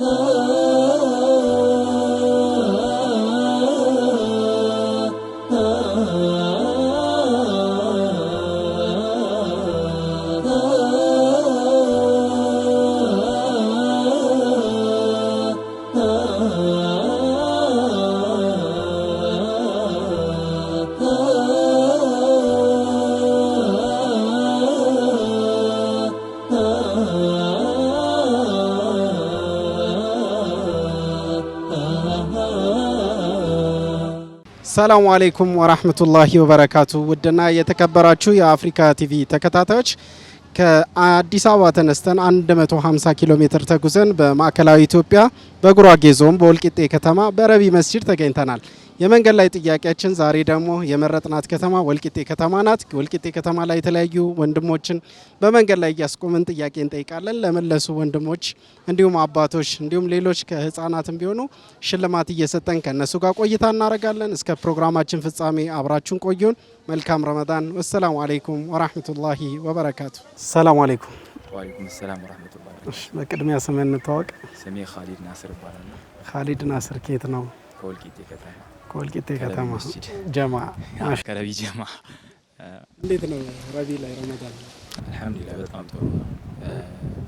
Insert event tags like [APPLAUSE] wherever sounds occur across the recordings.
Oh. ሰላሙ አሌይኩም ወራህመቱላሂ ወበረካቱ። ውድና የተከበራችሁ የአፍሪካ ቲቪ ተከታታዮች ከአዲስ አበባ ተነስተን 150 ኪሎ ሜትር ተጉዘን በማዕከላዊ ኢትዮጵያ በጉራጌ ዞን በወልቂጤ ከተማ በረቢ መስጂድ ተገኝተናል። የመንገድ ላይ ጥያቄያችን ዛሬ ደግሞ የመረጥናት ከተማ ወልቂጤ ከተማ ናት። ወልቂጤ ከተማ ላይ የተለያዩ ወንድሞችን በመንገድ ላይ እያስቆምን ጥያቄ እንጠይቃለን። ለመለሱ ወንድሞች እንዲሁም አባቶች እንዲሁም ሌሎች ከህፃናትም ቢሆኑ ሽልማት እየሰጠን ከእነሱ ጋር ቆይታ እናደርጋለን። እስከ ፕሮግራማችን ፍጻሜ አብራችሁን ቆዩን። መልካም ረመዳን። ወሰላሙ አለይኩም ወራህመቱላሂ ወበረካቱ። ሰላሙ አሌይኩም ወአለይኩም ሰላም ወራህመቱላሂ። በቅድሚያ ስምህን እንተዋወቅ። ስሜ ካሊድ ናስር ይባላል። ካሊድ ናስር ኬት ነው ከወልቂጤ ከተማ ከወልቂጤ ከተማ ጀማ ከረቢ ጀማ። እንዴት ነው ረቢ ላይ ረመዳን? አልሐምዱሊላህ በጣም ጥሩ ነው።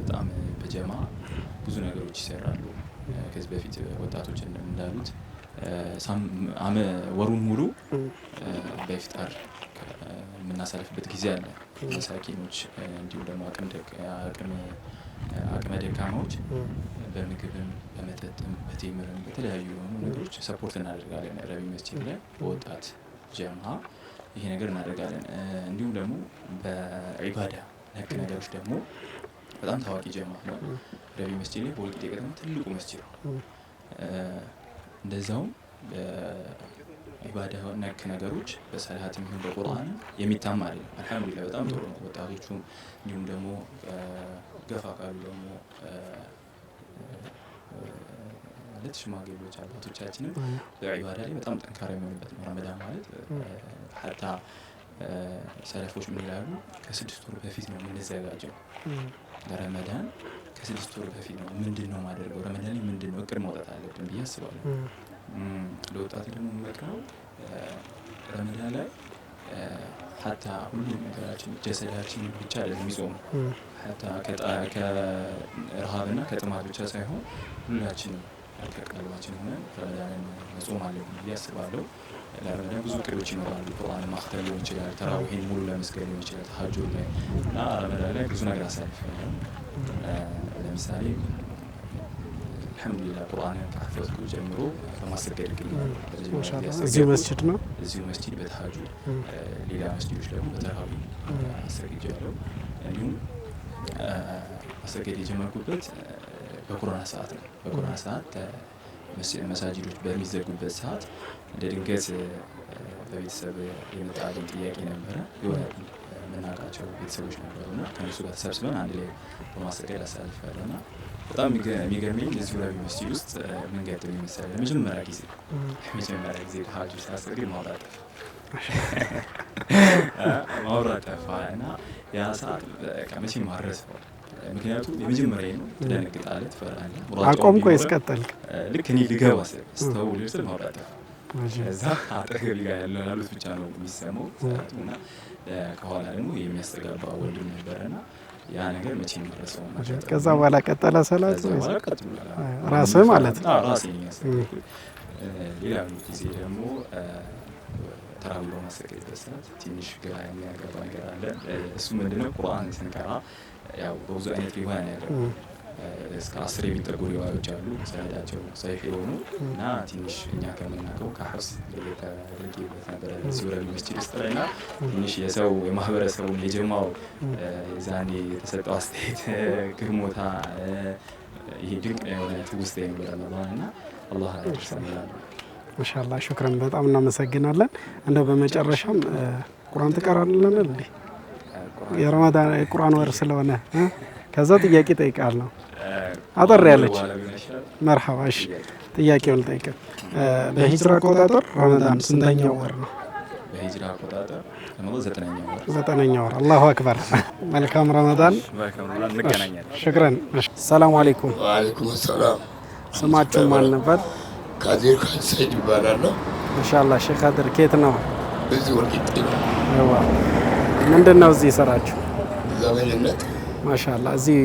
በጣም በጀማ ብዙ ነገሮች ይሰራሉ። ከዚህ በፊት ወጣቶች እንዳሉት ወሩን ሙሉ በኢፍጣር የምናሳልፍበት ጊዜ አለ። መሳኪኖች እንዲሁም ደግሞ አቅም አቅመ ደካማዎች በምግብም በመጠጥም በቴምርም በተለያዩ የሆኑ ነገሮች ሰፖርት እናደርጋለን። ረቢ መስጂድ ላይ በወጣት ጀምሃ ይሄ ነገር እናደርጋለን። እንዲሁም ደግሞ በዒባዳ ነክ ነገሮች ደግሞ በጣም ታዋቂ ጀምሃ ነው ረቢ መስጂድ ላይ በወልቂጤ ከተማ ትልቁ መስጂድ ነው። እንደዛውም ኢባዳ ነክ ነገሮች በሰላትም ይሁን በቁርአን የሚታማ አይደለም። አልሐምዱሊላህ በጣም ጥሩ ነው። ወጣቶቹም እንዲሁም ደግሞ ገፋ ካሉ ደግሞ ማለት ሽማግሌዎች አባቶቻችንም በዒባዳ ላይ በጣም ጠንካራ የሚሆንበት ነው። ረመዳን ማለት ሀታ ሰለፎች ምን ይላሉ? ከስድስት ወር በፊት ነው የምንዘጋጀው ለረመዳን ከስድስት ወር በፊት ነው። ምንድን ነው ማደርገው ረመዳን ላይ ምንድን ነው እቅድ ማውጣት አለብን ብዬ አስባለሁ። ለወጣት ደግሞ የሚመክረው ረመዳ ላይ ሀታ ሁሉም ነገራችን ጀሰዳችን ብቻ ለሚጾሙ የሚጾሙ ከረሃብና ከጥማት ብቻ ሳይሆን ሁላችንም ከቀልባችን ሆነን ረመዳንን መጾም አለብን ብዬ አስባለሁ። ለረመዳን ብዙ ቅዶች ይኖራሉ። ቁርአን ማክተል ሊሆን ይችላል፣ ተራዊሄን ሙሉ ለመስገድ ሊሆን ይችላል፣ ተሀጆ ላይ እና ረመዳን ላይ ብዙ ነገር አሳልፍ ለምሳሌ አልሐምዱሊላህ ቁርአን ከፈትኩ ጀምሮ በማሰገድ እገኛለሁ። እዚሁ መስጅድ ነው፣ እዚሁ መስጅድ በተሀጁ ሌላ መስጅዶች ደግሞ በተራዊ አሰግጃለሁ። እንዲሁም ማሰገድ የጀመርኩበት በኮሮና ሰዓት ነው። በኮሮና ሰዓት መሳጅዶች በሚዘጉበት ሰዓት እንደ ድንገት በቤተሰብ የመጣልኝ ጥያቄ ነበረ። የሆነ የምናውቃቸው ቤተሰቦች ነበሩና ከእነሱ ጋር ተሰብስበን አንድ ላይ በማሰገድ አሳልፋለሁ እና በጣም የሚገርመኝ እዚሁ ላይ ዩኒቨርሲቲ ውስጥ ምን ገጠመኝ መሰለህ? ለመጀመሪያ ጊዜ መጀመሪያ ጊዜ ሀጅ ሳስጠግድ ማውራት ጠፋ ማውራት ጠፋ እና ያ ሰዓት መቼም ማረሰው ምክንያቱም የመጀመሪያ ነው። ትደነግጣለህ፣ ትፈራለህ። አቆምኩ ያስቀጠልክ ልክ እኔ ልገባ ስተው ልብስል ማውራት ጠፋ እዛ አጠገብ ጋር ያሉት ብቻ ነው የሚሰማው ሰዓቱ እና ከኋላ ደግሞ የሚያስተጋባ ወንድም ነበረና ያ ነገር መቼ የሚደረሰው ከዛ በኋላ ቀጠለ ሰላት ራስ ማለት ነው። ራስ ሌላው ጊዜ ደግሞ ተራዊ በማሰገድበት ሰዓት ትንሽ ግራ የሚያገባ ነገር አለ። እሱ ምንድነው? ቁርአን ስንቀራ ያው በብዙ አይነት ሪዋያ ያደርጉ እስከ አስር የሚጠጉ ሪዋዮች አሉ። ስራዳቸው ሰይፍ የሆኑ እና ትንሽ እኛ ከምናውቀው ከሀብስ የተደረጌበት ነበረ ዙረን መስችል ውስጥ ላይ እና ትንሽ የሰው የማህበረሰቡን የጀማው ዛኔ የተሰጠው አስተያየት ግርሞታ ይሄ ድንቅ የሆነ ትውስታ የሚበላ እና አላህ ያደርሰን ይላሉ። ማሻላ ሹክረን፣ በጣም እናመሰግናለን። እንደው በመጨረሻም ቁርአን ትቀራለን እንዴ? የረመዳን ቁርአን ወር ስለሆነ ከዛ ጥያቄ ጠይቃለሁ። አጠር ያለች መርሐባ። እሺ ጥያቄው ልጠይቅ። በሂጅራ አቆጣጠር ረመዳን ስንተኛው ወር ነው? በሂጅራ አቆጣጠር ዘጠነኛ ወር። አላሁ አክበር። መልካም ረመዳን። ሽክረን። ሰላም አሌይኩም። ወአለይኩም ሰላም። ስማችሁ ማን ነበር? ካዚር ሰይድ ይባላለሁ። እንሻላ ሼህ ካድር ኬት ነው? እዚህ ወልቂጤ ነው። ምንድን ነው እዚህ ይሰራችሁ? ዘበኝነት። ማሻላ እዚህ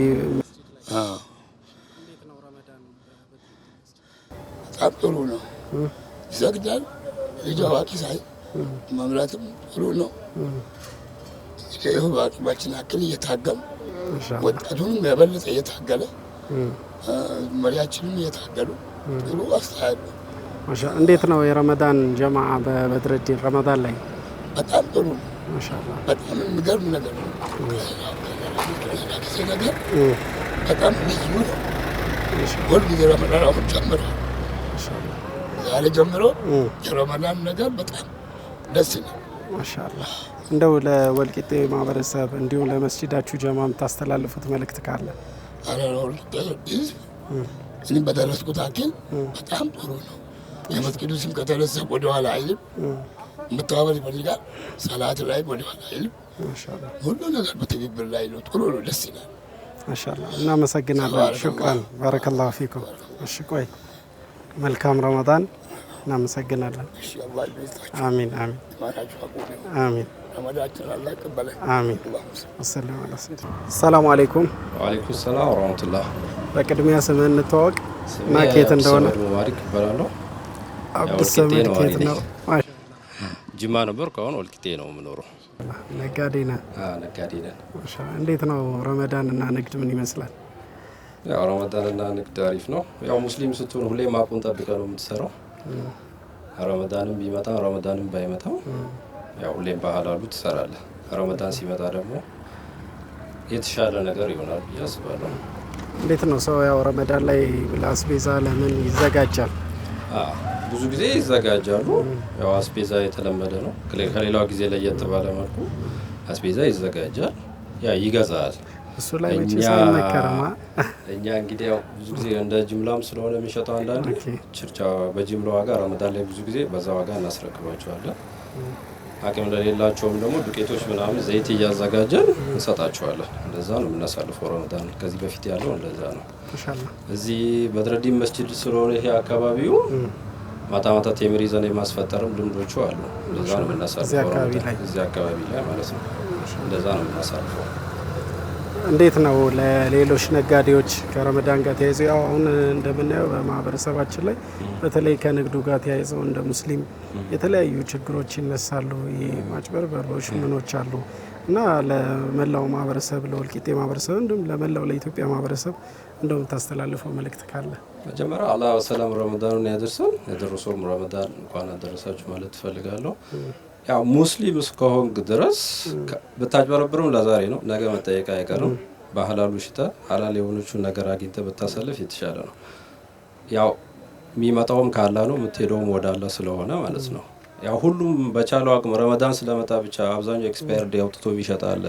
በጣም ጥሩ ነው። ይሰግዳል። ልጅ አዋቂ ሳይ መምራትም ጥሩ ነው። ይህ በአቅማችን አክል እየታገም ወጣቱንም የበለጠ እየታገለ መሪያችንም እየታገሉ ጥሩ አስተያየት ነው። እንዴት ነው የረመዳን ጀማ በበድረዲን ረመዳን ላይ በጣም ጥሩ ነው። በጣም የሚገርም ነገር ነው። ነገር በጣም ልዩ ነው። ሁልጊዜ ረመዳን አሁን ጨምሯል። ዛሬ ጀምሮ የረመዳን ነገር በጣም ደስ ነው። ማሻላ እንደው ለወልቂጤ ማህበረሰብ እንዲሁም ለመስጂዳችሁ ጀማ የምታስተላልፉት መልእክት ካለ? አረ ወልቂጤ ህዝብ እኔም በደረስኩት አኪል በጣም ጥሩ ነው። የመስጊዱ ስም ከተነሳ ወደኋላ አይልም፣ መተባበር ይፈልጋል። ሰላት ላይ ወደኋላ አይልም። ሁሉ ነገር በትግብር ላይ ነው። ጥሩ ነው፣ ደስ ይላል። ማሻላ እናመሰግናለን። ሹክራን ባረከላሁ ፊኩም። እሺ ቆይ መልካም ረመዳን። እናመሰግናለን። አሚን አሚን አሚን። ሰላም አለይኩም። ወአለይኩም ሰላም ወራህመቱላህ። በቅድሚያ ስምህን እንተዋወቅ እና ኬት እንደሆነ አብዱስ ሰመድ ኬት ነው? ጅማ ነበር ከአሁን ወልቂጤ ነው የምኖረው። ነጋዴ ነህ? ነጋዴ ነን። እንዴት ነው ረመዳን እና ንግድ ምን ይመስላል? ያው ረመዳንና ንግድ አሪፍ ነው። ያው ሙስሊም ስትሆን ሁሌ ማቁን ጠብቀ ነው የምትሰራው። ረመዳንም ቢመጣ ረመዳንም ባይመጣም ያው ሁሌም ባህላሉ ትሰራለህ። ረመዳን ሲመጣ ደግሞ የተሻለ ነገር ይሆናል ብዬ አስባለሁ። እንዴት ነው ሰው ያው ረመዳን ላይ ለአስቤዛ ለምን ይዘጋጃል? ብዙ ጊዜ ይዘጋጃሉ። ያው አስቤዛ የተለመደ ነው። ከሌላው ጊዜ ለየት ባለ መልኩ አስቤዛ ይዘጋጃል። ያ ይገዛል እሱ ላይ እኛ እንግዲህ ያው ብዙ ጊዜ እንደ ጅምላም ስለሆነ የሚሸጠው አንዳንድ ችርቻ በጅምላ ዋጋ ረመዳን ላይ ብዙ ጊዜ በዛ ዋጋ እናስረክባቸዋለን። አቅም ለሌላቸውም ደግሞ ዱቄቶች ምናምን ዘይት እያዘጋጀን እንሰጣቸዋለን። እንደዛ ነው የምናሳልፈው ረመዳን። ከዚህ በፊት ያለው እንደዛ ነው። እዚህ በድረዲን መስጅድ ስለሆነ ይሄ አካባቢው ማታ ማታ ቴምር ይዘን የማስፈጠርም ልምዶቹ አሉ። እንደዛ ነው የምናሳልፈው እዚህ አካባቢ ላይ ማለት ነው። እንደዛ ነው የምናሳልፈው እንዴት ነው ለሌሎች ነጋዴዎች ከረመዳን ጋር ተያይዞ ያው አሁን እንደምናየው በማህበረሰባችን ላይ በተለይ ከንግዱ ጋር ተያይዘው እንደ ሙስሊም የተለያዩ ችግሮች ይነሳሉ። ማጭበርበሮች ምኖች አሉ እና ለመላው ማህበረሰብ ለወልቂጤ ማህበረሰብ እንዲሁም ለመላው ለኢትዮጵያ ማህበረሰብ እንደው የምታስተላልፈው መልእክት ካለ? መጀመሪያ አላህ ሰላም ረመዳኑን ያደርሰን። የደረሰውም ረመዳን እንኳን አደረሳችሁ ማለት ትፈልጋለሁ። ያው ሙስሊም እስከሆንክ ድረስ ብታጭበረብርም ለዛሬ ነው፣ ነገ መጠየቅ አይቀርም። በሀላሉ ሽታ ሀላል የሆነችውን ነገር አግኝተ ብታሳልፍ የተሻለ ነው። ያው የሚመጣውም ካላ ነው የምትሄደውም ወዳለ ስለሆነ ማለት ነው። ያው ሁሉም በቻለው አቅም ረመዳን ስለመጣ ብቻ አብዛኛው ኤክስፓየርድ አውጥቶ ይሸጣል።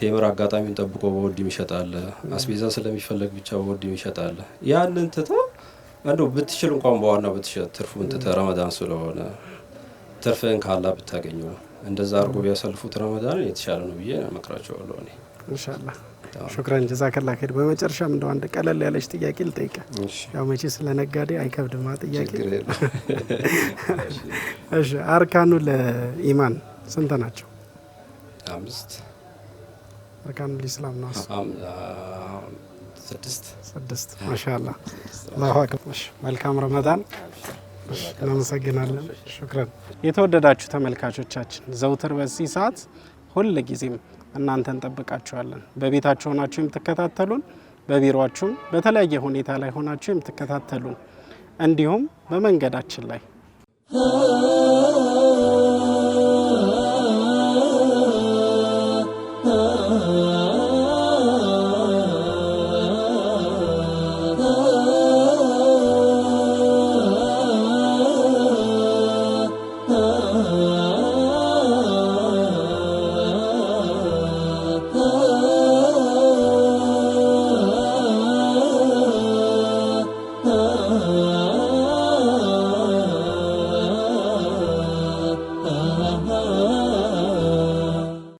ቴምር አጋጣሚውን ጠብቆ በወዲም ይሸጣል። አስቤዛ ስለሚፈለግ ብቻ በወዲም ይሸጣል። ያንን ትተ እንደው ብትችል እንኳን በዋና ብትሸጥ ትርፉን ትተ ረመዳን ስለሆነ ትርፍን ካላ ብታገኙ ነው። እንደዛ አድርጎ ቢያሰልፉት ረመዳን የተሻለ ነው ብዬ እመክራቸዋለሁ። እኔ እንሻላ ሹክረን ጀዛከላ ኸይር። በመጨረሻም እንደው አንድ ቀለል ያለች ጥያቄ ልጠይቀ። ያው መቼ ስለ ነጋዴ አይከብድማ ጥያቄ። [LAUGHS] እሺ አርካኑ ለኢማን ስንት ናቸው? አምስት አርካኑ ለኢስላም ነው ስድስት። ስድስት ማሻአላ። አላሁ አክበር። መልካም ረመዳን እናመሰግናለን። ሹክረን። የተወደዳችሁ ተመልካቾቻችን ዘውትር በዚህ ሰዓት ሁል ጊዜም እናንተ እንጠብቃችኋለን። በቤታችሁ ሆናችሁ የምትከታተሉን፣ በቢሮችሁም በተለያየ ሁኔታ ላይ ሆናችሁ የምትከታተሉን፣ እንዲሁም በመንገዳችን ላይ Oh.